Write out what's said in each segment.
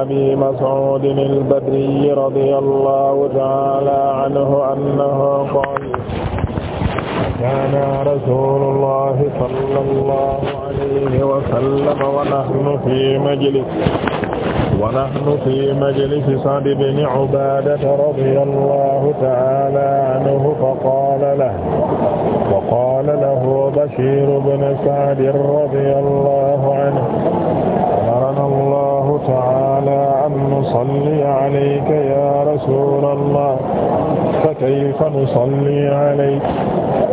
abi Mas'ud al-Badri radiyallahu ta'ala anhu annahu qala kaana rasuulullahi sallallahu alayhi wa sallam wa nahnu fi majlis wa nahnu fi majlis Sa'd ibn Ubaada radiyallahu ta'ala anhu faqaala lahu faqaala lahu Bashiir ibn Sa'd radiyallahu anhu nusalli alayka ya rasulallah fa kayfa nusalli alayka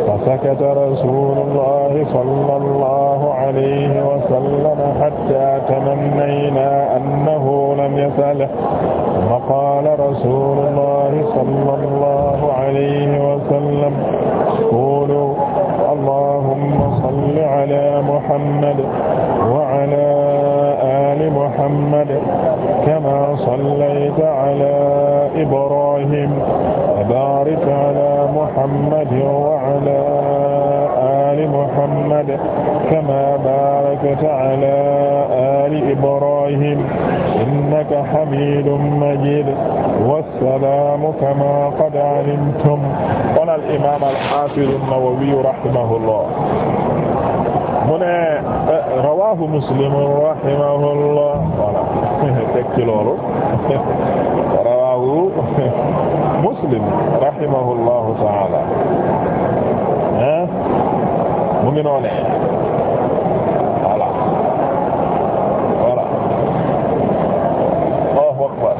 fa sakata rasulullah sallallahu alayhi wa sallam hatta tamannayna annahu lam yaf'alhu wa qala rasulullah sallallahu alayhi wa sallam qulu allahumma salli ala muhammad wa ala Muhammad kamaa sallayta alaa Ibraahiim wa baarik alaa Muhammad wa alaa aali Muhammad kamaa baarakta alaa aali Ibraahiim innaka hamiidun majiid wassalaamu kamaa qad alimtum qaala al-imaam al-haafiz an-Nawawi rahimahullah mu ne eh, rawaahu muslim rahimahullah voilà teg ci loolu rawaahu muslim rahimahullahu taala mu ngi noone voilà voilà Allahu akbar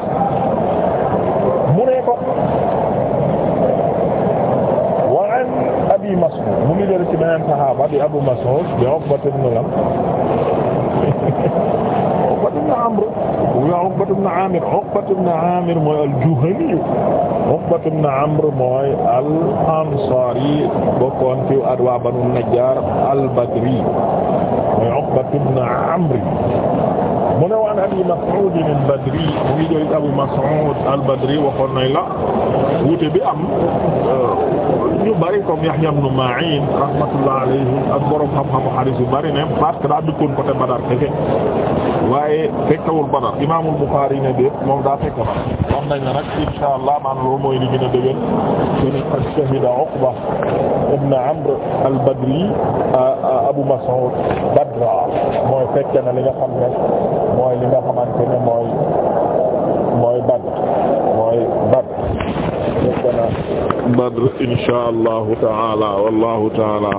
mu ne ko abi Mas'ud mu ngi jël ci beneen saxaaba di Abu Mas'ud di Uqbat ibn Lam Uqbat ibn Amr wa Uqbat ibn Amir Uqbat ibn Amir mooy al-Juhani Uqbat ibn Amr mooy al-Ansari bokkoon ci waa Banu Najjar al-Badri mooy Uqbat ibn Amr mu ne waan Abi Mas'ud al-Badri mu ngi jël Abu Mas'ud al-Badri waxoon nañ la wuute bi am euh, ñu bari comme Yahya ibn Ma'in rahmatullah alayhi ak borom xam-xamu hadith yu bari ne parce que daa dëkkoon côté Badar kese waaye fekkewul Badar imaamul Buxaari ne déet moom daa fekk Badar wax nañ la nag inshaa Allah man loolu mooy li gën a dëgër kene qad shahida Uqba ibn Amr al-Badri Abu Mas'ud Badra mooy fekk na li nga xam ne mooy li nga xamante ne mooy Badr inshaa allahu taala wallahu taala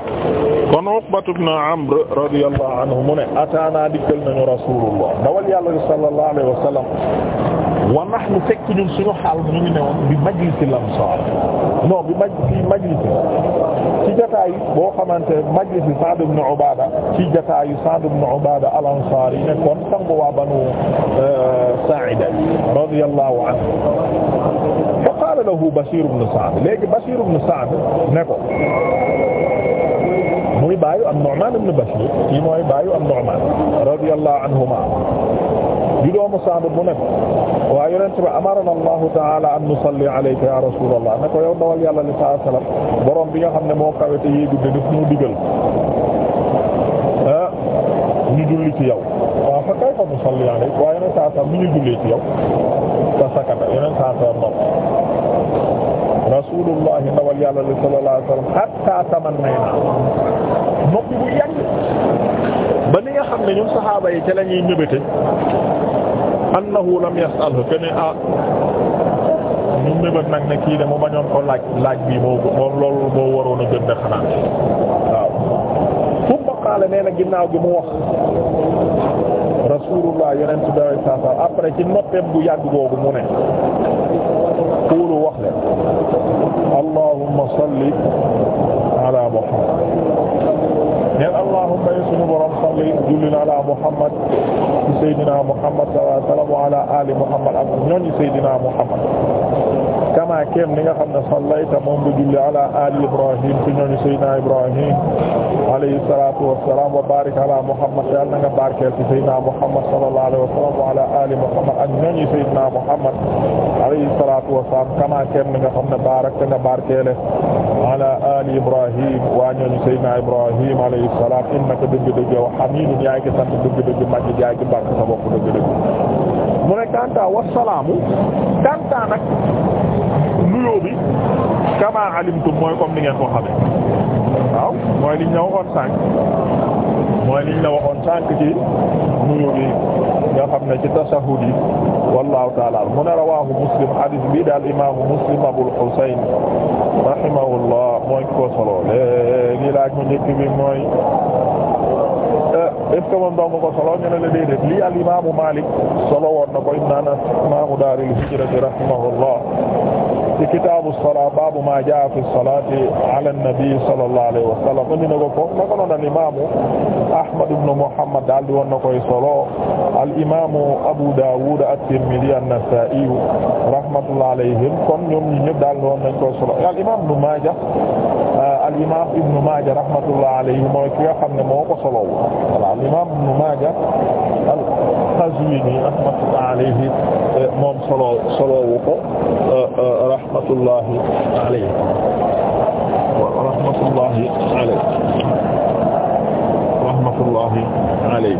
kon Uqbatu ibn Amr radiyallahu anhu mu ne ataana dikkal nañu rasulullah dawal yàlla bi sallallahu alayhi wa sallam wa nahnu fekk ñun suñu xaal ñu ngi newoon bi majlisil ansaar non bi maj fi majlisi ci jataay boo xamante majlisi Sa'd ibn Ubaada ci jataayu Sa'd ibn Ubaada al ansaari nekkoon sangu waa Banu euh, Saa'ida radiyallahu anhu qaala lahu Bashir ibn Sa'd léegi Bashir ibn Sa'd ne ko muy baayu am Nu'man ibn Bashir kii mooy baayu am Nu'man radiyallahu anhuma di doomu Sa'd mu ne ko waa yonent bi amarana Allahu ta'ala an nusalli alayka ya rasulallah ne ko yow dawal yàlla li saa salaam borom bi nga xam ne moo kawe te yéegu ne daf ñu digal ah ñu julli ci yow waaw fa kayfa nusalli alayka waaye yonent saa salaam ñu julli ci yow ta sakata yeneen saa salaam rasulullah ndawal yàlla li sallallahu alayhi wasallam hatta tamannayna noppi bu yàgg ba ni nga xam ne ñun saxaaba yi ca la ñuy ñëbëte annahu lam yas'alhu kene ah ñu ñëbët nag ne kii de mu bañoon ko laaj laaj bi moo moom loolu moo waroon a xanaa waaw fu mbaqaale nee na ginnaaw gi mu wax rasulullah yonent bi sallallahu alayhi après ci noppeem bu yàgg googu mu ne qulu wax allahumma salli ala muhammad neen allahumma yi suñu borom salli jullil ala muhammad ci saydina muhammad sallallahu alayhi wa sallam wa ala ali muhammad ak ñooñu saydina muhammad kama keem ni nga xam ne sallayta moom nga julli ala ali ibrahim ci ñooñu saydina ibrahim alayhi salatu wassalam wa barik ala muhammad yàlla na nga barkeel ci saydina muhammad sallallahu alayhi wa sallam wa ala ali muhammad ak ñooñu saydina muhammad salaatu wa salaam kamaa kenn nga xam ne baarakta nga barkeele ala ali ibrahim waa ñooñu sayyidina ibrahim alayhi salaam innaka dëgg-dëgg yow hamiidun yaay ki sant dëgg-dëgg màgg yaay ki bàkk sa bopp dëgg-dëgg mu ne kanta wasalaamu kanta nag nuyoo kama alimtum mooy comme ni ngeen ko xamee waaw mooy liñ la waxoon nga xam ne ci tasahud yi wallahu taala mu ne rawahu muslim hadis bi daal imaamu muslim abul husayn rahimahullah mooy ko solo léegi laaj mu njëkk bi mooy eh, est ce que moom dong ko solo ñu ne la déedéet lii al imaamu Maalik solo woon na ko imam daaril hijra rahimahullah ci kitaabu salaa baabu maa jaa fi salaati ala nabi sallallahu alayhi wa sallam indi na ko foofu naka noonu al imaamu Ahmad ibn Muhammad daal di woon na koy solo al imaamu Abu Daawud at-Tirmidhi an-Nasaa'i rahmatullahi alayhim kon ñoom ñi ñëpp daal di woon nañ koy solo al imaam Ibn Maaja ah, al imaam Ibn Maaja rahmatullahi alayhi mooy ki nga xam ne moo ko solo voilà al imaam Ibn Maaja al-Qazwiini rahmatullahi alayhi eh, moom solo solo wu ko. rahmatullahi alayhi wa rahmatullahi alayhi rahmatullahi alayhi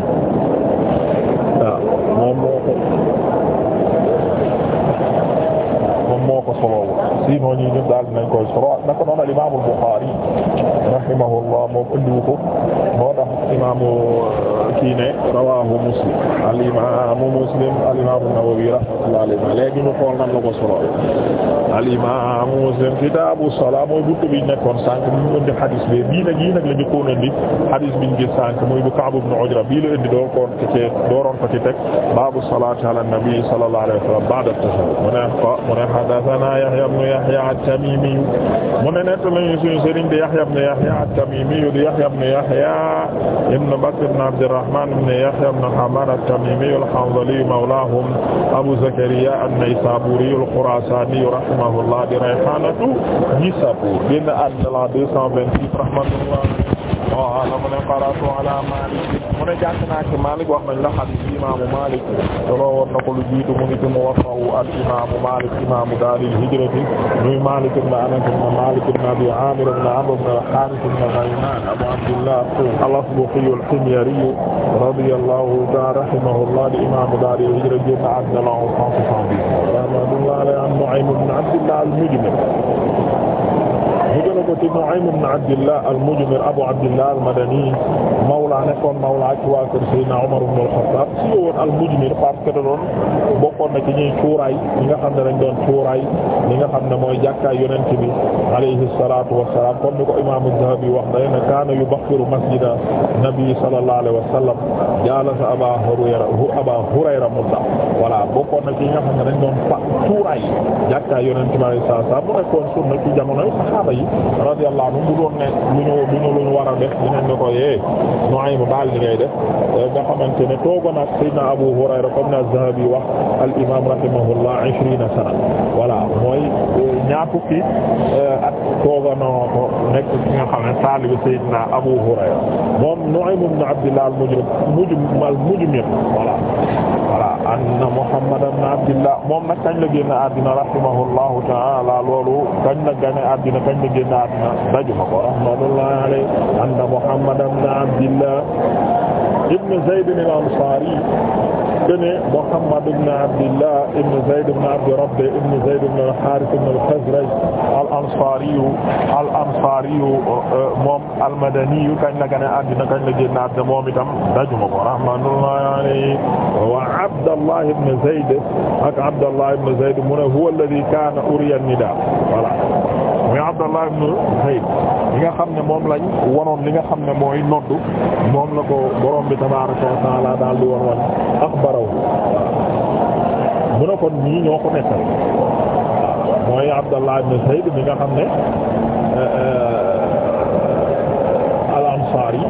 waaw ah, moom moo ko moom moo ko solowo sinon ñi ñëpp daal dinañ koy solo naka noonu al imaam al Buxaari rahimahullah moom andiwu ko moo tax imaamu uh, kii ne rawahu muslim alimamu muslim alimamu nawawi rahmatullah alayhi ma léegi ñu xool nan la ko solo alimamu muslim kitaabu salaa mooy buntu bi nekkoon sànq mu ngi indi hadis bi bii nag yii nag la njëkkoon indi hadis bi ñu gis sànq muy bu Ka'b ibn Ujra bii la indi door koon ko ci dooroon ko ci teg baabu salaati ala nabi sallallahu alayhi wa sallam ba'da tashahhud mu ne ko mu ne haddathana Yahya ibn Yahya at-Tamimi mu ne nett lañu suñu sëriñ di Yahya ibn Yahya at-Tamimi di Yahya ibn Yahya ibn Bakr ibn Abd al-Rahman ne Yahya ibn Hamar at-Tamimi al-Hanzali mawlahum Abu Zakariya an-Naysaburi al-Khurasani rahimahullah di rayhanatu Nisabur génn àddina la 228 rahmatullah wa alam ne qara'tu ala Malik mu ne jàng naa ci Maalik wax nañ la xadiis imaamu Maalik soloo woon na ko lu jiitu mu ngi ci Muwatta al imaamu Maalik imaamu daaril hijrati muy Maalik ibn Anas ibn Maalik ibn Abi Aamir ibn Amr ibn al-Haaris ibn Ghaylaan Abu Abdillah al-Asbahi al-Himyari radiyallahu ta'ala rahimahullah di imaamu daaril hijra génn àddina la 170 rahmatullahi alayhi an Nu'aym ibn Abdillah al-Mujmir di Nu'aym ibn Abdillah al-Mujmir Abu Abdillah al-Madani mawla nekkoon mawla ci waa kër Seydina Umar ibn al-Khattab si woon al-Mujmir parce que da doon bokkoon na ci ñuy cuuraay ñi nga xam ne dañ doon cuuraay li nga xam ne mooy jàkkaay yonent bi alayhi salaatu wa salaam comme ni ko imaam az-Zahabi wax day ne kaana yubakhiru masjida nabi sallallahu alayhi wa sallam jalasa Aba Hurayra Aba Hurayra mudda voilà bokkoon na ci ñi nga xam ne dañ doon fa cuuraay jàkkaay yonent bi alayhi salaatu wa salaam mu nekkoon sunna ci jamonoy saxaaba yi radiyallahu anhu bu doon ne lu ñu lu ñu lu ñu war a def dinañ ne ko yee eh Nu'aym baal li ngay def eh, nga xamante ne toogoon ak Seydina Abu Hurayra comme na Zahabi wax al imam rahimahullah ishrina sana voilà mooy eh, ñaar fukki at toogoon na ko nekk ki nga xam ne taalibu Seydina Abu Hurayra moom Nu'aym ibn Abdillah al-Mujrim al-Mujmir voilà voilà anna Muhammad ibn Abdillah moom nag kañ la génn àddina rahimahullahu ta'ala loolu kañ la génn àddina kañ la génn àddina daju ma ko rahmatullahi alayhi anna Muhammad ibn Abdillah ibn Zayd al-Ansari dene Muhammad ibn Abdillah ibn Zayd ibn Abdi Rabbi ibn Zayd ibn al-Harith ibn al-Khazraj al-Ansari al-Ansari uh, uh, moom al-Madani kañ la gane àddina kañ la génn àddina moom itam dajuma ko rahmatullahi alayhi wa Abdallah ibn Zayd ak Abdallah ibn Zayd mu ne huwa alladhi kana uriya an-nida voilà muy Abdallah ibn Zayd li nga xam ne moom lañ wanoon li nga xam ne mooy noddu moom la ko borom bi tabaaraka wa taala daal di wan wan mu ne kon ñii ñoo mooy Abdallah ibn Zayd mi nga ne eh, eh, al-Ansari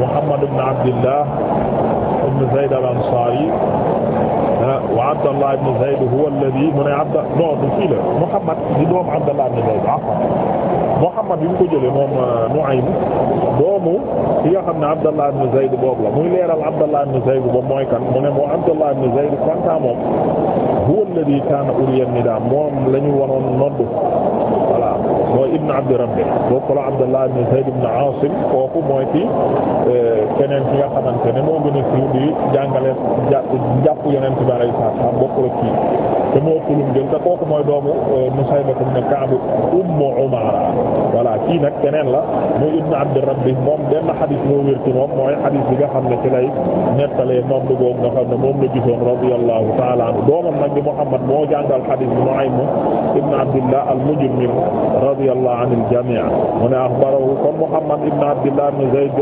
Muhammad ibn Abdillah ibn Zayd al wa Abdallah ibn Zayd huwa alladhi mu ne Abda non du fii la Muhammad di doomu Abdallah ibn Zayd afwan ah, ah. Muhammad bi mu ko jëlee moom euh, Nu'aym doomu ki nga xam ne Abdallah ibn Zayd boobu la muy leeral Abdallah ibn Zayd boobu mooy kan mu ne moo Abdallah ibn Zayd kontaan moom huwa alladhi kaana uriya nidaa moom la ñu waroon nodd mooy ibn abdi rabbi bokku la abdullah ibn zayd ibn asim kooku mooy ci eh, keneen ki nga xamante ne moo gën a siiw di jàngale jàpp yeneen ci baray sa sa bokku la kii te moo ëppalum jël te kooku mooy doomu musaybatum eh, ne kaabu ummu umara voilà kii nag keneen la muy ibn abdi rabbi moom benn xadis moo wér ci moom mooy xadis bi nga xam ne ci lay nettalee moom du boobu nga xam ne moom la gisoon radiyallahu ta'ala anhu doomam nag di muhammad moo jàngal xadis bi mu ay mu ibn abdillah al mujmir radiyallahu anil jamii' mu ne axbarahu kon Muhammad ibn Abdillah ibn Zayd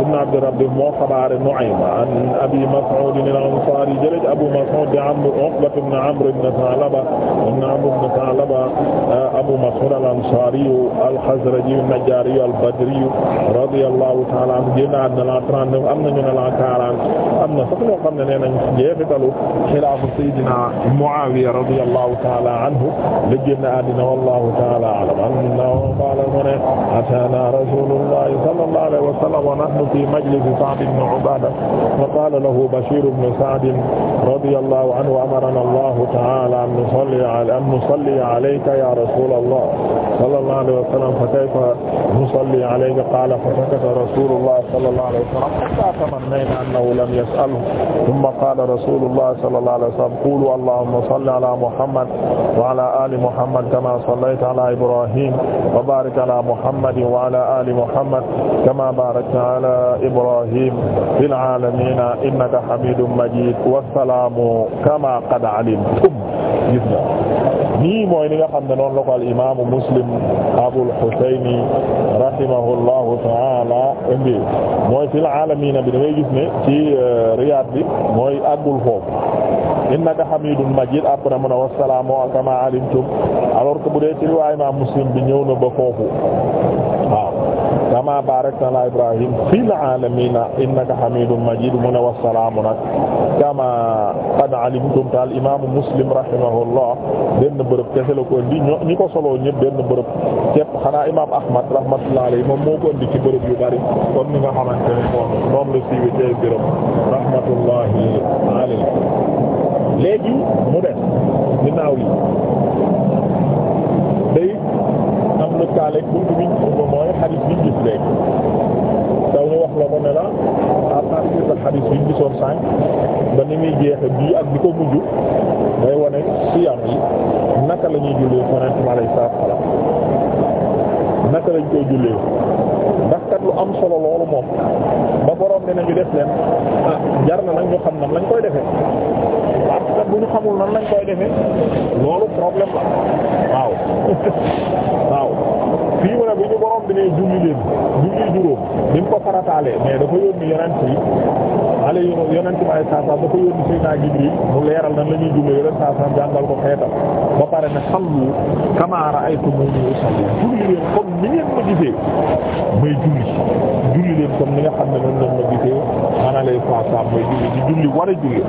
ibn Abdi Rabbi moo xabaare Nu'aym an Abi Mas'ud al-Ansari jëlëj Abu Mas'ud di Amr Uqba ibn Amr ibn Sa'laba ibn Amr ibn Sa'laba Abu Mas'ud al-Ansari al-Khazraji an-Najjari al-Badri radiyallahu ta'ala anhu génnaat na la 39 am nañu ne la 40 am na sax ñoo xam ne nee nañ jeexitalu xilaafu Sayyidina Muawiya radiyallahu ta'ala anhu la génn àddina wallahu ta'ala a'lam radiyallahu qala mu ne atana rasulullahi sallallahu alayhi wa sallam wa nahnu fi majlisi Sa'd ibn Ubada fa qala lahu Bashir ibn Sa'd radiyallahu anhu amarana Allahu ta'ala an nusalli an nusalli alayka ya rasulallah sallallahu alayhi wa sallam fa kayfa nusalli alayka qala fa sakata rasulullah sallallahu alayhi wa sallam hatta tamannayna annahu lam yas'alhu thumma qala rasulullah sallallahu alayhi wa sallam qulu allahumma salli ala Muhammad wa ala ali Muhammad kama sallayta ala Ibrahim wa barik ala muhammadin wa ala ali muhammad kama barakta ala ibrahim fil alamin innaka hamidun majid wa salaamu kama qad alimtum nii mooy li nga xam ne noonu la ko al imaamu muslim abul xusayni rahimahullahu taala indi mooy fil aalamiina bi da ngay gis ne ci euh, riyaad bi mooy àggul foofu innaka hamidun majid après mun a wasalaamu kama alimtum alors que bu dee ci riwaaya imaam muslim bi ñëw na ba foofu waaw kama barakta ala ibrahim fil alamin innaka hamidun majid mu ne wasalaamu nag kama qad alimtum ta al imaamu muslim rahimahullah benn bërëb kese la ko indi ñi ko solo ñëpp benn bërëb képp xanaa imaam ahmad rahmatullah alayhi moom moo ko indi ci bërëb yu bari comme ni nga xamante ne moom moom la siiwe ci bërëb rahmatullahi alayhi léegi mu des ginnaaw yi lëkkaaleeg buntu bi mooy xadis biñ gis léegi daw ñu wax la ko bi ko mujj day wane siyam naka la ñuy jullee Yonent naka lañ koy jullee lu am solo loolu moom ba borom ne nañu def leen ah, jar na nag ñu xam nan lañ koy defee parce que bu ñu xamul nan koy defee loolu problème la waaw waaw fii mu ne bi ñu borom bi ne julli leen julli juróom bi mu ko farataalee mais dafa yónni yi ale yonent ay saasam dafa yónni Seydina ñuy julli yonent saasam jàngal ni ngeen ma gisee may julli julli leen comme ni nga xam ne noonu lañ ma gisee maanaam lay saasam may julli di julli war a julli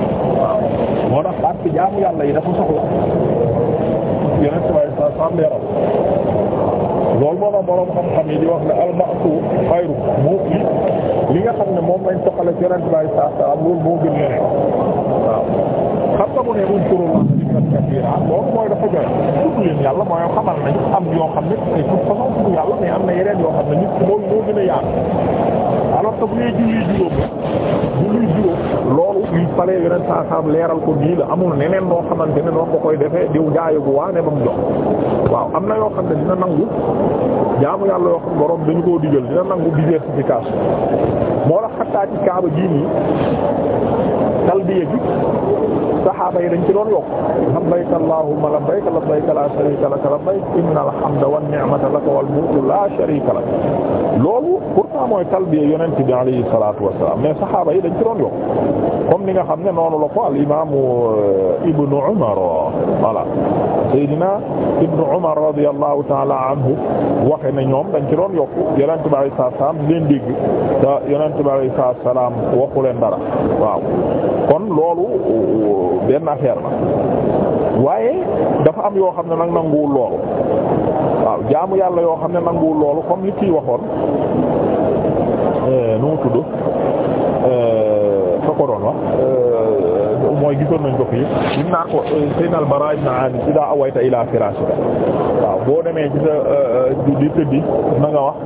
moo tax parce que yàlla yi dafa soxla yonent bi ay saasam leeral lool moo tax borom xam-xam yi di wax ne almasu xayru muuf li li nga xam ne moom lañ toxale ci yonent bi saa saa loolu moo gën leneen waaw xam nga mu ne uñ kuréel dikran katira loolu mooy dafa joxe tudd leen yàlla mooy xamal nañ am yoo xam ne ay tudd façon tudd yàlla mais am na yeneen yoo xam ne nit loolu moo gën a yaatu alors que bu nee julli juróom la julli juróom il fallait yeneen saa saam leeral ko nii la amul neneen noo xamante ne noonu ko koy defee diw jaayu bu waane ba mu jox waaw am na yoo xam ne dina nangu jaamu yàlla yoo xam borom dañu koo digal dina nangu diversification moo la xattaa ci kaaba gii nii talbiya gi saxaaba yi dañ ci doon yokk labbayka allahumma labbayka labbayka la sharika laka labbayka innal hamda wan ni'mata laka wal mulku la sharika lak loolu ah mooy talbiya yonent bi alayhi salaatu wassalaam mais saxaaba yi dañ ci doon yokk comme ni nga xam ne noonu la ko al imaamu euh, Ibnu Umar voilà Seydina Ibnu Umar radiyallahu ta'ala anhu waxe ne ñoom dañ ci doon yokk yonent bi alayhi salaatu wassalaam di leen dégg te yonent bi alayhi salaatu wassalaam waxu leen dara waaw kon loolu euh, benn affaire la waaye dafa am yoo xam ne nag nanguwul loolu waaw jaamu yàlla yoo xam ne nanguwul loolu comme li kii waxoon nu mu tudd fa mooy gisoon nañ ko fii im naa ko euh, sayyidina al-Bara ibn Azib awayta ila firashika waaw boo demee ci sa euh, di tëddi na nga wax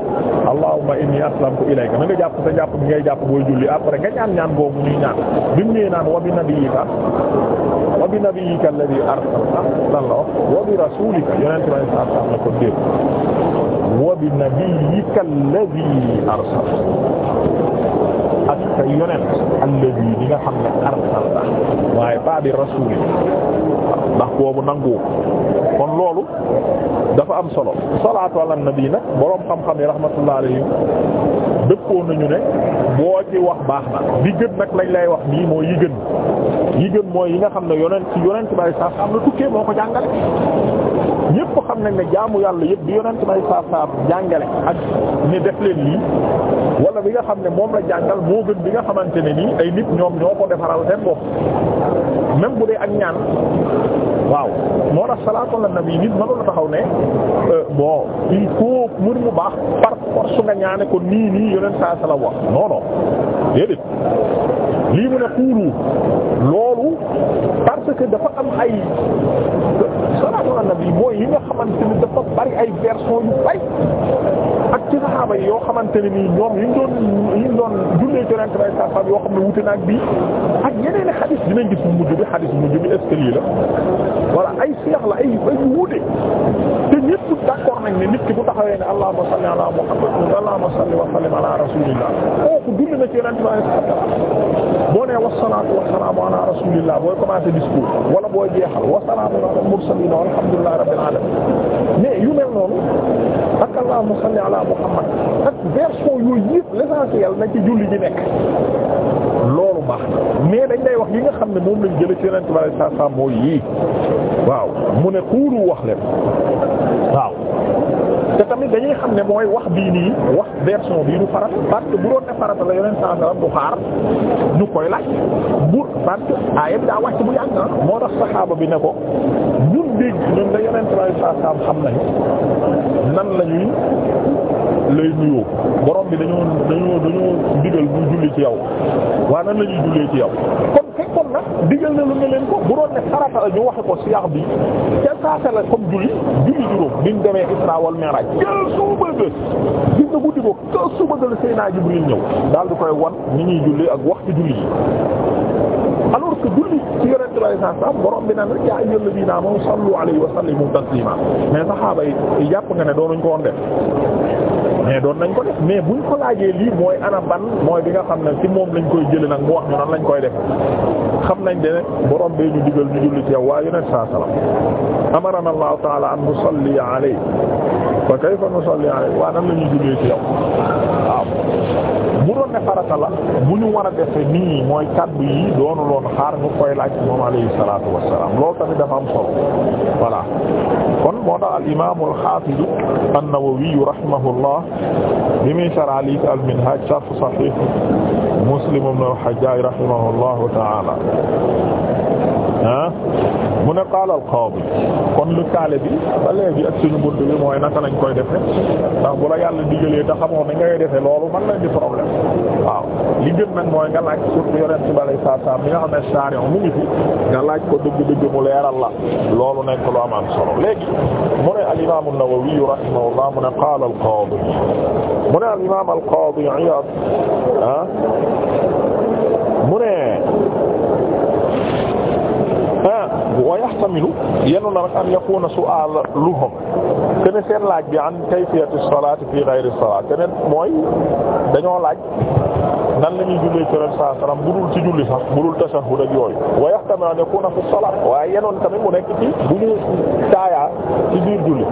allahumma inni aslamtu ilayka na nga jàpp sa jàpp bi ngay jàpp booy julli après nga ñaan ñaan boobu ñuy ñaan bi mu naan wa bi nabiyyika wa bi nabiyyika alladhi arsalta lan la wa bi rasulika yonente ma sa sam ko dé wa bi nabiyyika alladhi arsalta say yonent alladi li nga xam ne arsalta waaye ba bi rasuuli ndax boobu nangu kon loolu dafa am solo salaatu ala bii nag boroom xam-xam yi rahmatullah alayhim dëppoo nañu ne boo ci wax baax na li gën nag lañ lay wax nii mooy yi gën yi gën mooy yi nga xam ne yonent ci yonent bay saa saam la tukkee moo ko jàngale ñépp xam nañ ne jaamu yàlla yépp bi yonent bay saa saam jàngale ak ne def leen lii wala bi nga xam ne moom la jàngal moo gën bi nga xamante ne nii ay nit ñoom ñoo ko defaral seen bopp même bu dee ak ñaan waaw moo tax salaatu ala nabi nit mënu la taxaw ne euh, bon il baax par force nga ñaane ko nii nii yoneen saa sala wax lii mu ne loolu parce que dafa am ay salaatu ala nabi mooy yi nga xamante ni dafa bari ay version yu bari ci saxaaba yi yoo xamante ne nii ñoom yuñ doon yuñ doon jullee ci rente bay saxaaba yoo xam ne wute naag bii ak yeneen i xadis dinañ gis mujj bi xadis mujj bi est-ce que lii la voilà ay seex la ay ay wuute te ñépp d'accord nañ ne nit ki bu taxawee ne allahumma salli ala muhammad allahumma salli wa sallim ala rasulillah kooku dund na ci yonent bi alayhi salaam boo nee wassalaatu wassalaamu ala rasulillah booy commencer discours wala booy jeexal wassalaamu ala mursalin walhamdulillahi rabbil alamin mais yu mel noonu ak allahumma salli ala muhammad ak version yooyu yëpp l'essentiel na ci julli ji nekk loolu baax na mais dañ lay wax yi nga xam ne moom lañ jëlee ci yonent bi alayhi waaw mu ne xuuru wax leen waaw te tamit dañuy xam ne mooy wax bii nii wax version bii du farata parce que bu doon ne farata la yeneen saa dara du xaar ñu koy laaj bu parce que ayib daa wàcc bu yàgg na ah moo tax saxaaba bi ne ko ñun dégg ñun la yeneen saa saam xam nañu nan la ñuy lay nuyoo borom bi dañu dañoo dañoo digal bu julli ci yow waa nan la ñuy jullee ci yow. kon nag digal na lu ne leen ko bu doon ne farata la ñu ko siyaax bi ca saasa la comme julli julli juróom bi mu demee Isra wal Mi'raj jël su bëgg gis nga guddi ko kër su bëgg la Seydina Jibril ñëw daal di koy wan ni ñuy julli ak waxtu julli yi alors que julli ci yonente bi saa saa borom bi naan rek yaa ayyuhal ladina amanu sallu alayhi wa sallimu mais saxaaba yi jàpp nga ne doonuñ ko woon def mais doon nañ ko def mais bu buñ ko laajee lii mooy ana ban mooy bi nga xam ne ci moom lañ koy jëlee nag mu wax ñu nan lañ koy def xam nañ de borom bee ñu digal ñu julli ci yow waa yonent saa salaam amarana allahu taala an nusalli alayhi fa kayfa nusalli alayhi waa nan la ñuy jullee ci yow waaw bu doon ne farata bu ñu war a defe mooy kaddu yi doonu loon xaar ñu koy laaj moom alayhi salaatu wassalaam loolu tamit dafa am solo voilà kon moo tax al imaam al xaafiz an-Nawawi bi muy sharh li al-Minhaaj sharh Sahih Muslim ibn al-Hajjaaj rahimahullahu ta'ala mu ne qaala al qaadi kon lu taale bi ba léegi ak suñu bunt bi mooy na lañ koy defe ndax bu la di digalee te xamoo ni ngay defe loolu man lañ di problème waaw li gën nag mooy nga laaj surtout yonent bi alay saa saa mi nga xam ne shaari mu ngi fi nga laaj ko dëgg-dëgg mu leeral la loolu nekk lu amaan solo léegi mu ne al imaam an-Nawawi rahimahullah mu ne qaala al qaadi mu ne al imaam al qaadi Iyaad ah wa yahtamilu yenu na rek an yakuna su'aluhum kene seen laaj bi an kayfiyati salaat fi ghayri salaat mooy dañoo laaj nan la ñuy jullee ci Rasul sallallahu alayhi wasallam bu dul ci julli sax bu dul tashahhud ak yooyu wa yahtamilu fi salaat waaye yenoon tamit mu nekk ci bu ñu taayaa ci biir julli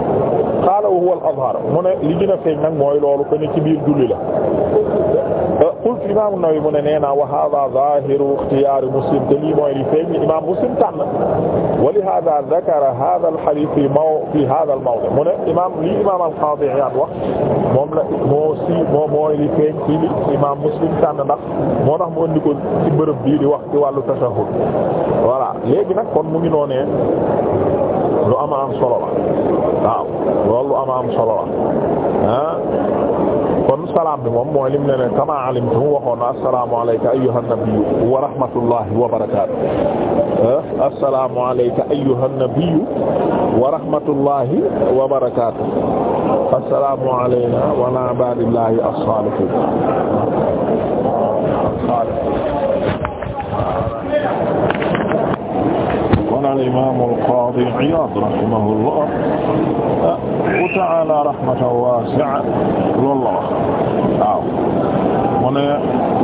qaala wa huwa al-azhar mu ne li gën a feeñ nag mooy loolu kene ci biir julli la qultu imaamu Nawawi mu ne nee naa wa haaza zaahiru ixtiyaari Muslim te lii mooy li feeñ imaam Muslim tànn wa lihaaza zakara haaza al-hadiis fii maw fii haaza al-mawdi' mu ne imaam lii imaam al-Qaadi Iyaad wax moom la moo si moo mooy li feeñ ci li imaam Muslim tànn ndax moo tax mu andi ko ci bërëb bii di wax ci wàllu tashahhud voilà léegi nag kon mu ngi noonee lu ama am solo la waaw loolu lu ama am solo la ah. kon salaam bi moom mooy lim ne ne kama alimtum waxoon na assalaamu alayka ayyuha nabiyyu wa rahmatullahi wa barakaatu eh? assalaamu alayka ayyuha nabiyyu wa rahmatullahi wa barakaatu assalaamu alayna wa ala ibadillahi as-salihin qala al-imam al-qadi Iyad rahimahullah ta'ala rahmatan wasi'a loolu la wax waaw mu ne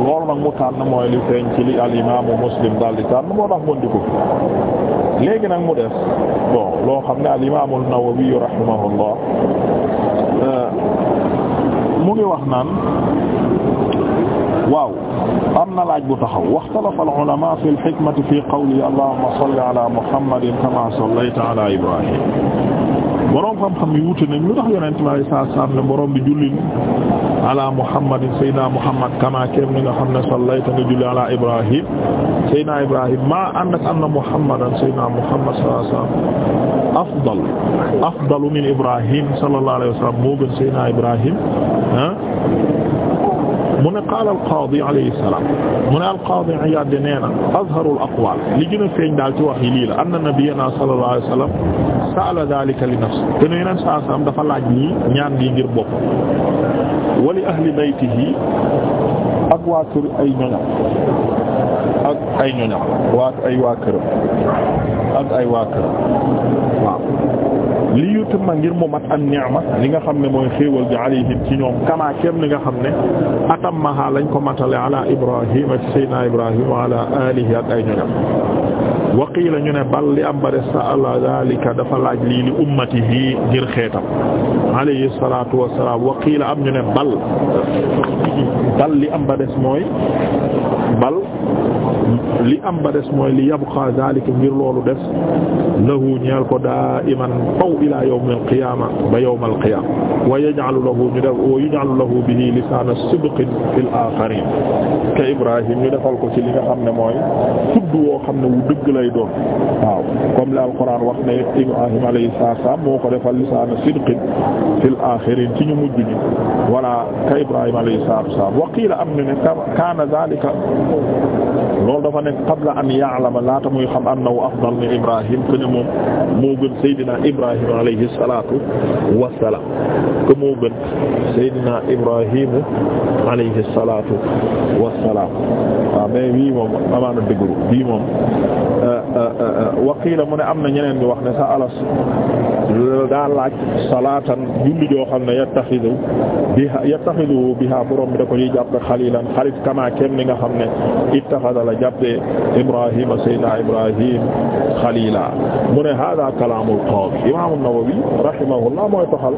loolu nag mu tànn mooy li feeñ ci li al imaamu muslim daal di tànn moo tax moon di ko léegi nag mu des bon loo xam ne al imaamu an-Nawawi rahimahullah euh, mu ngi wax naan waaw am na laaj bu taxaw waxtalafa al-ulamaa fi al-hikmati fi qawli allahumma salli ala muhammadin kama sallayta ala ibrahim boroom xam-xam yi wute nañ lu tax yonent bi alayhi salaatu salaam ne boroom bi julli ala muhammad sayyidina muhammad kama kem ni nga xam ne sallayta nga julli ala ibrahim sayyidina ibrahim maa ànd ak anna muhammadan sayyidina muhammad sallallahu alayhi wasallam afdal afdalu min ibrahim sallallahu alayhi wasallam moo gën sayyidina ibrahim ah mu ne qaala alqaadi alayhi salaam mu ne alqaadi Iyaad di nee na azharul aqwaal li gën a feeñ daal ci wax yi lii la anna nabiyyana sallallahu alayhi wa sallam sa'ala dhaalika li nafsi te ne yeneen saa salaam dafa laaj lii ñaan lii ngir bopp wa li ahli baytihi ak waa kër ay ñoñam ak ay ñoñam waa ay waa këram ak ay waa këram waaw. li yutimma ngir mu mat an ni'ma li nga xam ne mooy xéewal bi alayhim ci ñoom kamaa li nga xam ne atammaha lañ ko matale ala ibrahima ci seydina ibrahima ala alihi ak ay ñoñam wa qiila ñu ne bal li am ba des sa'ala zalika dafa laaj lii li ummatihi ngir xeetam alayhi salatu wasalaam wa qiila am ñu ne bal bal li am ba mooy bal li am ba des mooy li yabqa zalika ngir loolu des lahu ñeel ko daa'iman faw ila yawm al-qiyaama ba yawm al-qiyaama wa yaj'alu lahu ñu def wa yaj'alu lahu bihi lisaana sidqin fil aaxiriin ka Ibrahim ñu defal ko ci li nga xam ne mooy tudd woo xam ne wu dëgg lay doon waaw comme la Alxuraan wax ne Ibrahim alayhi salaam moo ko defal lisaana sidqin fil aaxiriin ci ñu mujj ñi wala ka Ibrahim alayhi salaam wa qiila am na ne kaana zaalika loolu dafa nekk qabla an ya'lama laata muy xam annahu afdal min Ibrahim que ne moom moo gën Seydina Ibrahim alayhi salaatu wa salaam que moo gën Seydina Ibrahim alayhi salaatu wa salaam waaw mais wii moom amaana dëggul bii moom euh, euh, euh, waqiila mu ne am na ñeneen ñu wax ne sa alas daa laaj salaatan julli joo xam ne yattaxidu biha yattaxidu biha borom bi da ko jàpp xalilan xalit kama kenn ni nga xam ne ittaxada la jàppee Ibrahima Seydina Ibrahim Khalila mu ne hada kalaamul qaadi imaam an-Nawawi rahimahullah mooy toxal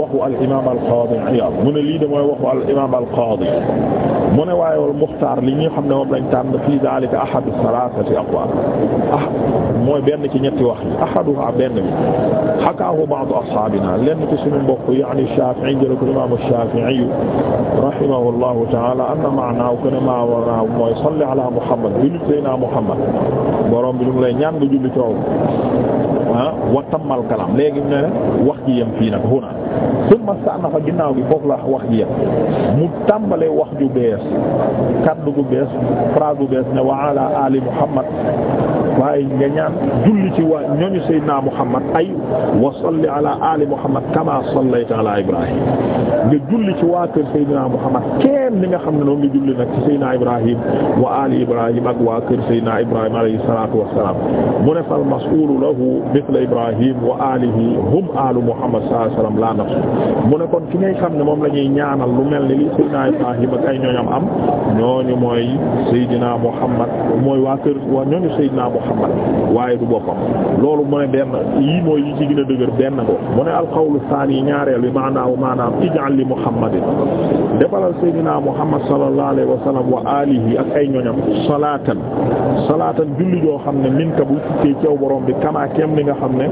waxu al imaam al qaadi Iyaad mu ne lii de mooy waxu al imaam al qaadi mu ne waaye wal muxtaar li ñuy xam ne moom lañ tànn fii daalika ahadu salaasati aqwaal ah mooy benn ci ñetti wax yi ahaduha benn bi hakaahu ba'du ashaabina lenn ci suñu mbokk yi yaani Shaafi'i jël ko imaam Shaafi'i rahimahu llahu ta'aala anna ma'naahu kana maa warnaahu mooy salli alaa Muhammad julli sayyidinaa Muhammad borom bi ñu ngi lay ñaan nga julli coow ah wa tammal kalaam léegi ne wax ji yem fii nag huna summa sta'nafa ginnaaw gi foofu la wax ji yem mu tàmbalee wax ju bees kaddu gu bees phrase bu bees ne wa ala ali muhammad waaye nga ñaan julli ci waa ñoñu sayyidina muhammad ay wa salli ala ali muhammad kama sallayta ala ibrahim nga julli ci waa kër sayyidina muhammad kenn li nga xam ne noonu nga julli nag ci sayyidina ibrahim wa ali ibrahim ak waa kër sayyidina ibrahim alayhi salatu wassalam mu ne fal mas'ulu lahu mithla ibrahim wa alihi hum alu muhammad sallallahu alayhi wasallam la nafsu mu ne kon ki ngay xam ne moom la ñuy ñaanal lu mel ni li sayyidina ibrahim ak ay ñoñam doon am ñooñu mooy Seydina Muhammad mooy waa kër waa ñooñu Seydina Muhammad waaye du boppam loolu mu ne benn yii mooy yi ci gën a dëgër benn ko mu ne alqawlu saani ñaareel bi maanaaw maanaam ij'al li Muhammadin defalal Seydina Muhammad sallallahu alayhi wa sallam wa alihi ak ay ñoñam salaatan salaatan julli joo xam ne minka bu tukkee ceew borom bi kamaa li nga xam ne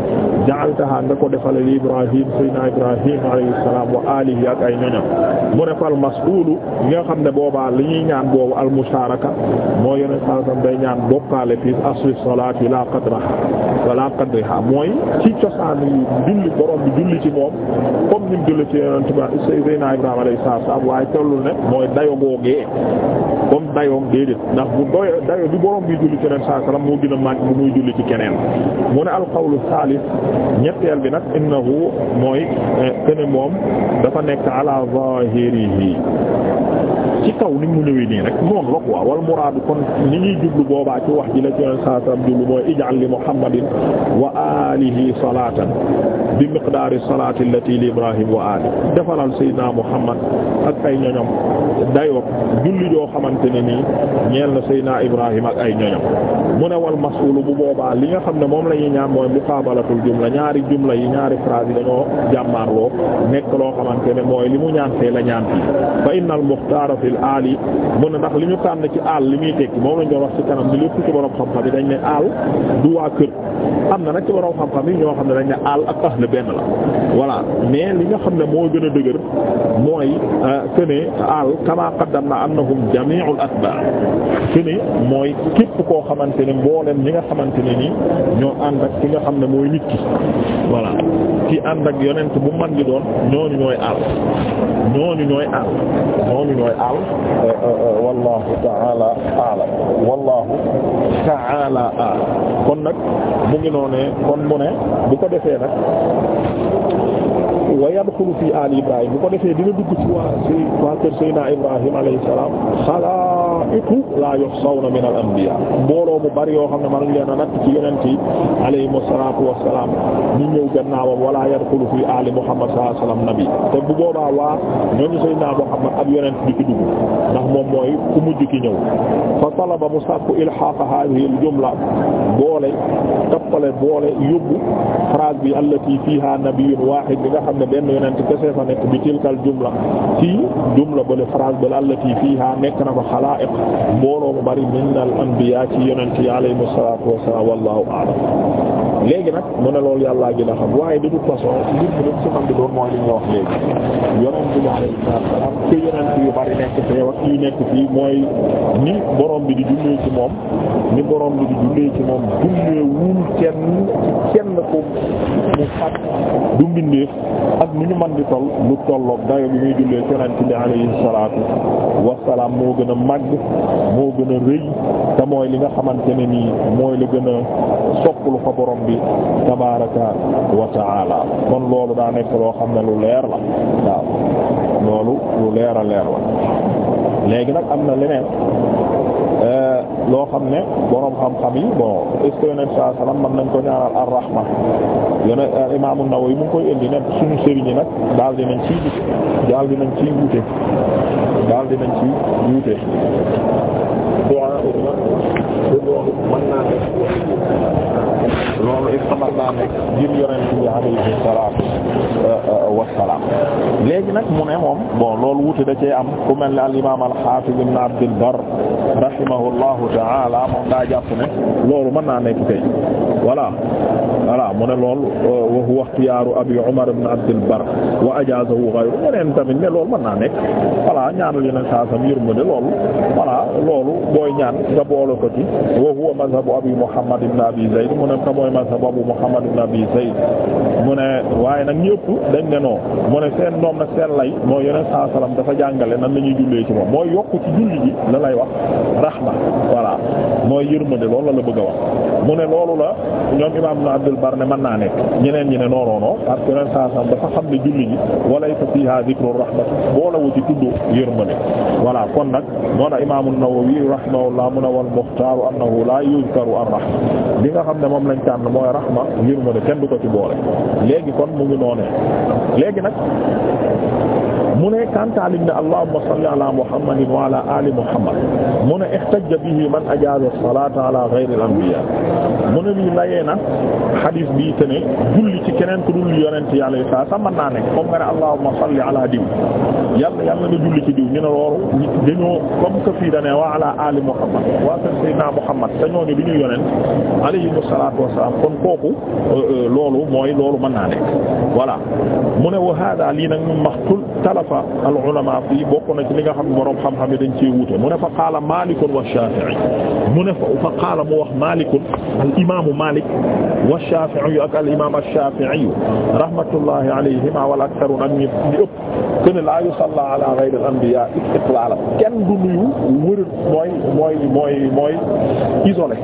ja'altaha nga ko defalal Ibrahim Seydina Ibrahim alayhi salaam wa alihi ak ay ñoñam mu ne fal mas'ulu nga xam ne boobaa li ñuy ñaan boobu al musharaka moo yeneen saa day ñaan bokkaale fii asli salaat yi la qadraha wala qadriha mooy ci cosaan julli borom bi julli ci moom comme ni mu julli ci yonent bi Seydina Ibrahima waaye tollu ne mooy dayo googee comme dayoom déedéet ndax bu doy dayo bi borom bi julli ci yonent saa moo gën a màgg muy julli ci keneen mu ne alqawlu thalith ñetteel bi nag innahu mooy eh, kene moom dafa nekk ala zahirihi ci kaw ni mu ñëwee nii rek noonu la wal muraadu kon ni ñuy jublu boobaa ci wax ji la ci yonent jublu mooy ij'al wa alihi salatan bi miqdaari salati allati li ibrahim wa ali defalal sayyidina muhammad ak ay ñoñom dayo julli xamante ne nii ñeel na sayyidina ibrahim ak ay ñoñom mu ne wal mas'ul bu boobaa li nga xam ne moom la ñuy ñaan mooy muqabalatul jumla ñaari jumla yi ñaari phrase yi dañoo woo nekk loo xamante ne mooy li mu ñaan fee la ñaan fii fa innal muxtaara fil aali mu ne ndax li ñu tànn ci aal li muy tekki moom lañ wax ci kanam ni lépp ci borom xam yi dañ am na nag ci borom xam-xam yi ñoo xam ne dañ ne àll ak ahl benn la voilà mais li nga xam ne moo gën a dëgër mooy euh, que ne àll kama qaddamna annahum jami'ul atba que ne mooy képp koo xamante ne mboolem ñi nga xamante ne nii ñoo ànd ak ki nga xam ne mooy nit ki voilà ki ak yonent bu man di doon ñooñu ñooy àll ñooñu ñooy ñooy àll euh, euh, wallahu ta'ala a'lam wallahu ta'ala a'lam kon nag mu ngi noonee kon mu ne bu ko defee nag wa yadxulu fi aal ibrahim bu ko defee dina dugg ci waa si waa kër Seydina Ibrahim alayhi salaam xalaa xaqaiqu laa yuhsawna min al anbiya mbooloo mu bari yoo xam ne man leen a natt ci yonent yi alayhim asalatu wasalaam ñi ñëw gannaawam wala yadxulu fi ali muhammad sallallahu alayhi wasallam nabi te bu boobaa waa ñooñu sayyidina muhammad ab yonent di ci dugg ndax moom mooy ku mujj ki ñëw fa talaba mu sàkku ilhaaq hadhihi al jumla boole tappale boole yóbbu phrase bi allati fiha nabiyyun wahid bi nga xam ne benn yonent kese fa nekk bi tilkal jumla ci jumla bale phrase bale allati fiha nekk na ko xalaa'iq mbooloo mu bari minal anbiya ci yonent yi alayhimu salaatu wassalaam wallahu léegi nag mu ne loolu yàllaa gën a xam waaye de toute façon mbir mi dañ wax léegi yonent bi alayhi salaatu wassalaam yu bari nekk fee wax fii mooy ni borom bi ci moom ni borom bi di ci moom jullee wul kenn kenn ko ak nu ñu mën di toll lu tolloog bi muy jullee ci yonent bi alayhi salaatu wassalaam moo gën a màgg moo gën a rëy te mooy li nga xamante ne nii mooy la gën a sopplu fa borom bi tabaraka wa taala kon loolu daa nekk loo xam ne lu leer la waaw loolu lu leer leer la léegi nag am na leneen euh, loo xam ne borom xam-xam yi bon est-ce que saa salaam mën nañ ko ñaanal ar-rahma yonent euh, Imaam An-Nawawi yi ngi koy indi ne suñu sëriñ yi nag daal dinañ ciy wute daal dinañ ciy wute daal nañ ciy wute. du'a te loolu mën naa nekk loolu it mën naa nekk ngir yonent bi alayhi salaatu euh, euh, wassalaam léegi nag mu ne moom bon loolu wuute da cee am ku mel ne al imaam al haafiz ibn Abdul Barr rahimahullahu ta'ala moom daa jàpp ne loolu mën naa nekk tey. voilà voilà mu ne lool euh, wa huwa ikhtiyaaru abi umar ibn abd al-barr wa ajaazahu ghayru ñeneen tamit ne loolu mën naa nekk voilà ñaanal yeneen saa sam yërmande loolu voilà loolu booy ñaan nga boole ko ci wa huwa mazhabu abi muhammad ibn abi zayd mu ne ka mooy mazhabu abu muhammad ibn abi zayd mu waaye nag ñëpp dañ ne noo mu ne seen doom nag seen lay mooy yeneen saa salaam dafa jàngale nan la ñuy jullee ci moom mooy yokku ci julli ji la lay wax rahma voilà mooy yërmande loolu la la bëgg wax mu ne ñoom imaam ibn Abdul Bar ne mën naa nekk ñeneen ñi ne non non non parce que ren saa saam dafa xam ne julli ji walaysa fiha dhikru rahmat boolawu ci tudd yërmande voilà kon nag moo tax imaam an-Nawawi rahimahullah mu ne wal muxtaaru annahu la yuzkaru ar-rahma li nga xam ne moom lañ tànn mooy rahma yërmande kenn du ko ci boole léegi kon mu ngi noonee léegi nag mu ne kantaal ibn allahumma salli ala muhammadin wa ala ali muhammad mu ne ihtajja bihi man ajaaza salata ala ghayri al anbiya mu ne lii layee na xadis bi te ne julli ci keneen ku dul yonent yàlla yi saa sa mën naa nekk comme nga ne allahumma salli ala diw yàlla yàlla nga julli ci diw ñu ne loolu dañoo comme que fii dane wa ala ali muhammad waa kër sayyidina muhammad te ñooñu du ñu yonent alayhimu salaatu wassalaam kon kooku euh, euh, loolu mooy loolu mën naa nekk voilà mu ne wa hada lii nag maxtul talab fa al ulama fii bokk na ci li nga xam borom xam-xam yi dañ cee wuute mu ne fa qaala Maalik wa Shaafi'i mu ne fa qaala mu wax Maalik al imaamu Maalik wa Shaafi'i ak al imaam ash-Shaafi'i rahmatullahi alayhima wal aktharu nag ñi ëpp kenn laa yusalla ala ghayri al anbiya itlaalan kenn du nuyu wër mooy mooy mooy mooy isolé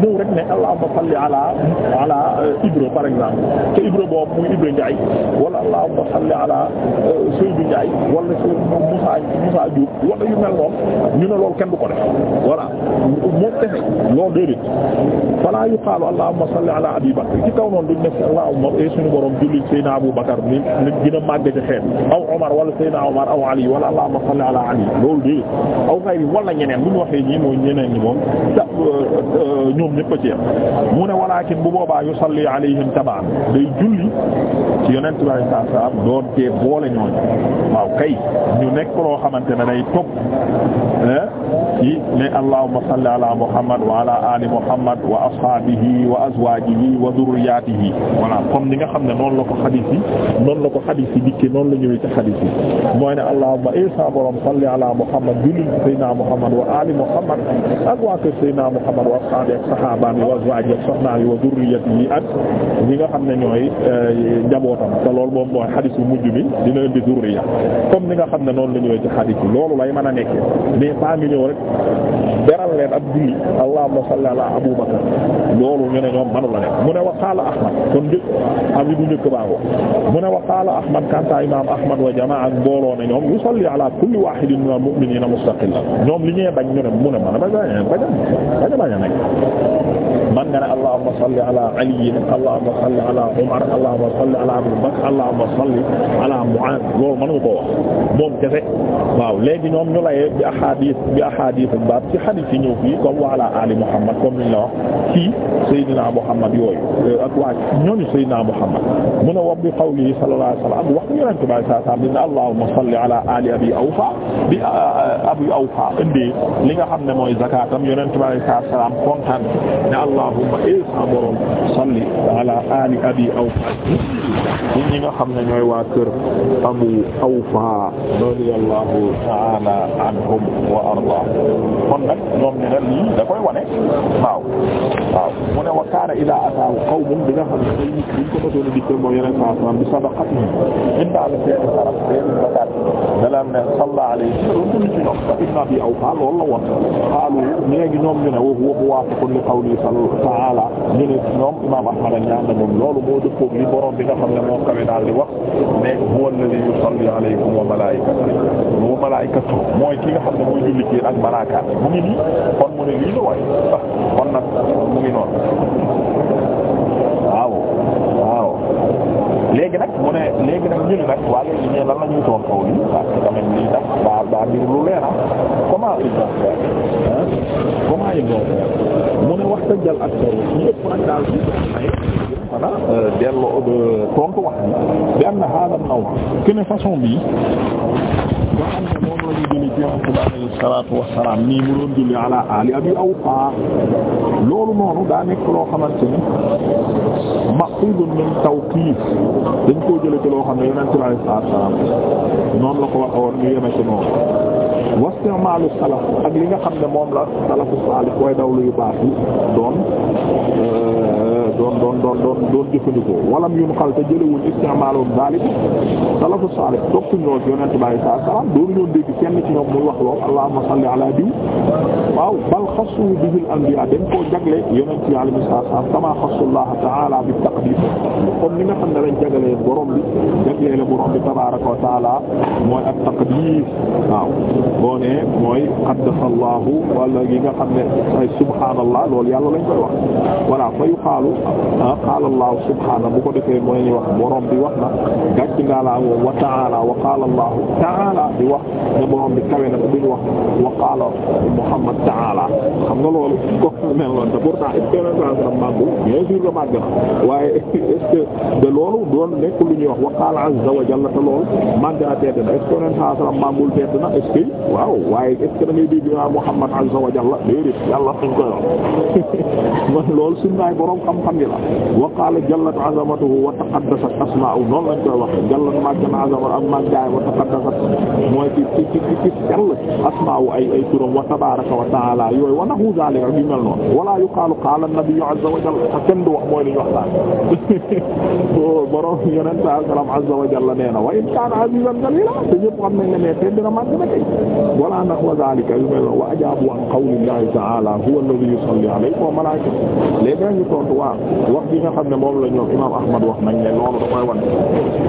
ñëw rek ne allahumma salli ala ala Ibra par exemple te Ibra boobu muy Ibra Ndiaye wala allahumma salli ala Seydou Ndiaye wala Seydou Moussa Moussa Diouf wala yu mel noonu ñu ne loolu kenn du ko def voilà non déedéet fala yuqaalu allahumma salli ala abi bakr ci kaw noonu duñ nekk allahumma e eh, suñu borom julli sayna abu ni nit gën a màgg ci aw omar wala sayna omar aw ali wala allahumma salli ala ali loolu déedéet aw xayri wala ñeneen bu ñu waxee ñii mooy ñeneen ñi moom ta euh, euh, ñoom ñépp a ci yam mu ne walakin bu boobaa yusalli alayhim tabaan day julli ci yonent bi saa saa doon tee boole ñooñu waaw kay ñu nekk loo xamante ne day topp eh, ci ne allahumma salli ala muhammad wa ala ali muhammad wa ashaabihi wa azwaajihi wa dhurriyyatihi voilà comme ni nga xam ne noonu la ko xadis yi la ko xadis yi la ñëwee ci xadis yi mooy ne allahumma isa eh, borom salli ala muhammad julli sayyidina muhammad wa ali muhammad ak waa kër sayyidina muhammad wa ashaabi ak sahaaba bi wa azwaaji ak soxna yi wa dhurriyyatihi ak ñi nga xam ne ñooy eh, njabootam te loolu moom mooy xadis bu mujj bi dina indi dhurriya comme ni nga xam ne noonu la ñëwee ci xadis yi loolu lay mën a nekkee ñëw rek beral leen ab julli allahumma salli ala abu bakar loolu ñu ne ñoom manu la nekk mu ne wa qaala ahmad kon njëkk am yi bu njëkk baago mu ne wa qaala ahmad kanta imam ahmad wa jamaa ak mbooloo ne ñoom yusalli ala kulli wahidin min al mu'minina mustaqillan ñoom li ñee bañ ñu ne mu ne man a bañ bañ a bañ a nekk man nga ne allahumma salli ala ali allahumma salli ala umar allahumma salli ala abu bakr allahumma salli ala mu'aaz loolu mën nga moom kese waaw léegi ñoom ñu laye bi ahadith ahadith baab ci hadith yi ñëw fii comme wa ala ali muhammad comme liñ la wax ci sayyidina muhammad yooyu euh, ak waa ñooñu sayyidina muhammad mu ne wab bi qawlihi sallallahu alayhi wa sallam ak wax yonente bi sallallahu alayhi wa sallam dina allahumma salli ala ali abi awfa bi abi awfa indee li nga xam ne mooy zakatam yonente bi sallallahu alayhi wa sallam kontaan ne allahumma e sa borom salli ala ali abi awfa ñi ñi nga xam ne ñooy waa kër abu awfa radiyallahu ta'ala anhum wa arda waaw kon nag ñoom ñu ne lii da koy wane waaw waaw mu ne wa kaana idaa ataahu qawmun bi nga xam ne day nit buñ ko a dikkee mooy yeneen saa i ñoom fa wa huwa muwaafiqun li qawli ta'aala ñu ne ñoom imaam di wax ne ak malaakaat mu ngi nii kon mu ne lii la way ah, kon nag mu ngi waaw waaw léegi nag mu ne nag ñu nag waa léegi ñu lan la ñuy toon kaw lii lii tax daa daa mbir lu leera ah. comment ils vont faire comment ils vont faire mu ne wax dëgg ak daal di euh, euh, ay mana bi bi am na xaaral naw kene façon bi nga xam ne la ñu julli ci loolu noonu daa loo xamante ni ma'xuudun min tawqiif dañ koo jëlee ci loo xam ne yonent bi alayhi salaatu wassalaam noonu la ko waxee woon ñu yeme ci noonu wastimaalu salaf ak li nga xam ne moom la salafu saalih way dawlu yu baax yi doon euh, doon doon doon doon doon jëfandikoo walam yun xal te jëlewuñ istimaalum dalik salafu salih topp ñoo ci yonent bi alayhi salaam doon ñoo dégg kenn ci ñoom muy wax lool allahumma salli ala diw waaw bal xassu bihil anbiya dañ koo jagle yonent bi alayhi salaam kama xassu allah ta'ala bi taqdim comme ni nga xam ne lañ jagalee borom bi jaglee la borom bi tabaaraka wa ta'ala mooy ak nga xam ne ay subhaanallah loolu yàlla lañ koy wax voilà fa yuqaalu ah qaala allah subhaanahu bu ko defee mooy ni wax borom bi wax na gàcc ngaalaa moom wa taala wa qaala allah taala di wax ne borom bi kawe na ko duñu wax wa qaala muhammad taala xam nga loolu ko la mel noonu te pourtant est-ce que ren saa màggul bien sûr la màgg na waaye est-ce que de loolu doon nekk lu ñuy wax wa qaala azza wa jalla te loolu màgg na tedd na est-ce que ren saa saa màggul tedd na est-ce que waaw waaye est-ce que da ngay dégg naa Muhammad azza wa jalla déedéet yàlla suñ koy wax man loolu sunnaay borom xam-xam yi la wa qaala jallat azamatuhu wa taqaddasat asmaa'uhu noonu lañ koy wax jallat màgg na azamatu am màggaay wa taqaddasat mooy ci ci ci ci ci asmaa'u ay ay turam wa tabaaraka wa ta'aala yooyu wa nahu zaalika yu mel noonu wala yuqaalu qaala an-nabiyyu azza wa jalla te kenn du wax mooy li ñu wax daal borom yeneen saa salaam azza wa jalla nee na wa in kaana azizan jalila te ñëpp xam nañ ne mais tey dina màgg na tey wala nahwa zalika yu mel wa ajaabu an qawlillahi ta'ala huwa alladhi yusalli alayhi wa malaa'ikatuhu léegi nag ñu tontu waa wax bi nga xam ne moom la ñoom imaam Ahmad wax nañ ne loolu da koy wan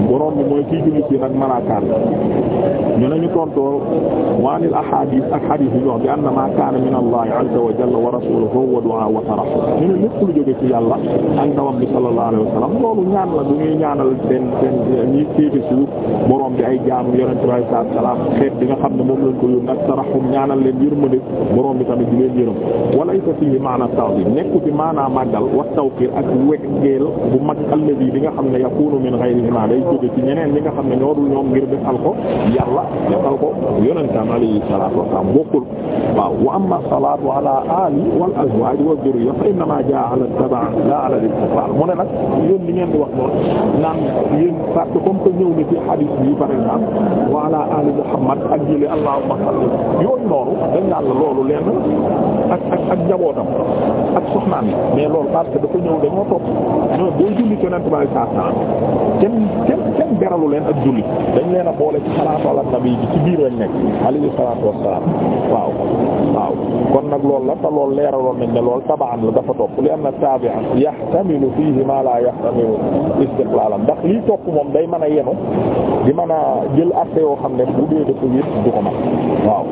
borom bi mooy kii jullit yi nag malaakaat ñu ne ñu tontu waanil ahadith ak hadith yi ñu wax bi anna ma kaana min Allah azza wa jalla wa rasuluhu tazawwaduha wa tarahu ñu ne lépp lu jóge ci yàlla ak ndawam bi sallallahu alayhi wa sallam loolu ñaan la du ñuy ñaanal seen seen ñi féete suuf borom bi ay jaamu yonent bi alayhi salaatu salaam xeet bi nga xam ne moom lañ ko yónni ak tarahum ñaanal leen yërmande borom bi tamit di leen yërëm walaysa fiihi maana ta'ziim nekku ci maanaa màggal wa tawqiir ak weggeel bu mag alladhi bi nga xam ne yakunu min ghayrihim day jóge ci ñeneen li nga xam ne ñoo dul ñoom ngir defal ko yàlla defal ko yonentam alayhi salaatu wa salaam bokkul waaw wa amma salaatu ala ali wal azwaaj wa zurriya fa innamaa jaa ala tabaa laa ala al-istiqlaal mu ne nag yéen li ngeen di wax noonu naan yéen parce que comme que ñëw na ci hadith bi par exemple wa ala ali Muhammad ak jële allahumma salli yooyu noonu dañ naan la loolu lenn ak ak soxnaam yi mais lool parce que dafa ñëw dañoo toog ñoo boo julli yonent bi sallallahu alayhi leen ak julli dañ leen a boole ci salaatu ala nabi bi ci biir lañ nekk alayhi salaatu wassalaam waaw waaw kon nag loolu la te loolu leeraloon nañ ne loolu tabaan la dafa topp li am na tabi'an yahtamilu fihi ma la yahtamilu topp moom day mën a yenu di man a jël atte yoo xam ne bu dee dafa wét du ko mën waaw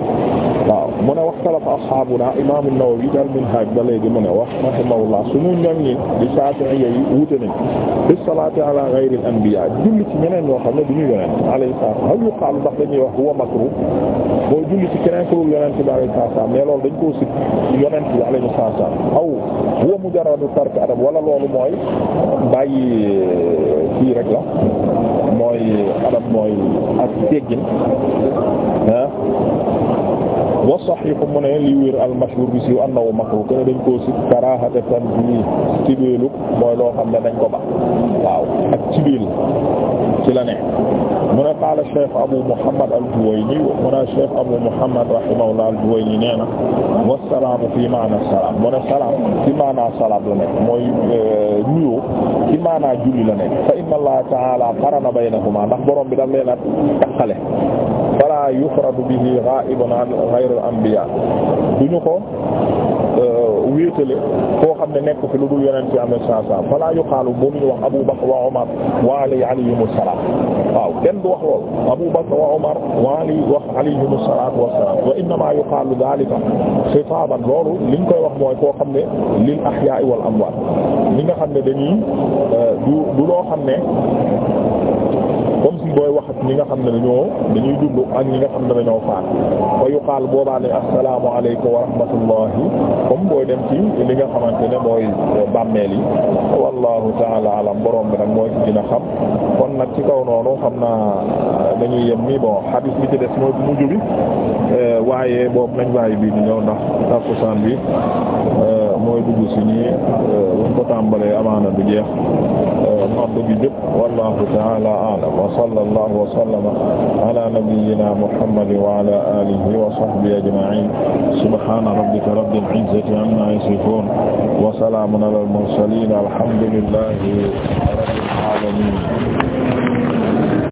waaw mu ne waxtalafa ashaabuna imam nawawi dal minhaj ba léegi mu ne na wax rahimahullah suñu ñoom ñi di Shafi'iyya yi wute nañ fi salaati ala ghayri al-anbiya julli ci ñeneen ñoo xam ne du ñu yonent alayhi salaam hal yuqaalu ndax dañuy wax huwa makruh boo julli ci keneen ku dul yonent bi alayhi salaam mais loolu dañ koo sit yonent bi alayhi salaam aw huwa mujarradu tark adab wala loolu mooy bàyyi fii eh, rek la mooy adab mooy ak teggin ah wa sahihu mu ne li wér al mashhur bi siiw annahu makruh kene dañ koo si karahata tan bi tibéelu mooy loo xam ne dañ ko ba waaw ak tibéel ci la ne mu ne qaala cheikh abou mouhammad al-Juwayni mu ne cheikh abou mouhammad rahimahullah al-Juwayni nee na wasalaamu fi maana salaam mu ne salaam ci maanaa salaam la nekk mooy euh, nuyoo ci maanaa julli la nekk fa inna allaha ta'ala qarana baynahuma ndax borom bi daf leen a taqale fala yufradu bihi ghaibun an ghayr al anbiya duñu ko euh, wéetale koo xam ne nekk fi lu dul yonent ci amee saa saa falaa yuqaalu boo ñu wax Abu Bakr wa Umar wa Ali alayhimu salaam waaw kenn du wax lool Abu Bakr wa Umar wa Ali wax alayhimu salaatu wa salaam wa innamaa yuqaalu daalika xitaaban loolu liñ koy wax mooy koo xam ne lil ahyaa'i wal amwaat ñi nga xam ne dañuy euh, du du loo xam ne. booy wax ak ñi nga xam ne dañoo dañuy dund ak ñi nga xam ne dañoo faat fa yuqaal boobaa ne assalaamu alaykum wa rahmatullahi comme booy dem ci li nga xamante ne mooy bàmmeel yi wallahu taala alam boroom bi nag mooy ci dina xam kon nag ci kaw noonu xam naa dañuy yem ni bon xadiis bi ci des mooy mujj bi eh, waaye boobu nañ waaye bii di ñëw ndax tàkkusaan bi eh, mooy dugg si nii eh, buñ ko tàmbalee amaana du jeex màbb bi jëpp wallahu taala alam sallallahu wa sallama ala nabiyyina muhammad wa ala alihi wa sahbihi ajma'in subhana rabbika rabbil izzati amma yasifun wa salamun alal mursalin alhamdulillahi rabbil alamin